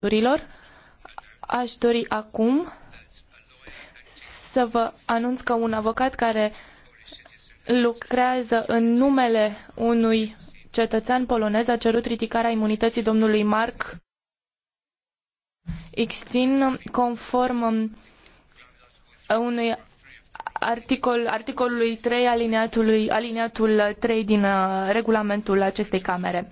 Dorilor, aș dori acum să vă anunț că un avocat care lucrează în numele unui cetățean polonez a cerut ridicarea imunității domnului Mark Ixtin conform um, unui articol, articolului 3 alineatului, alineatul 3 din uh, regulamentul acestei camere.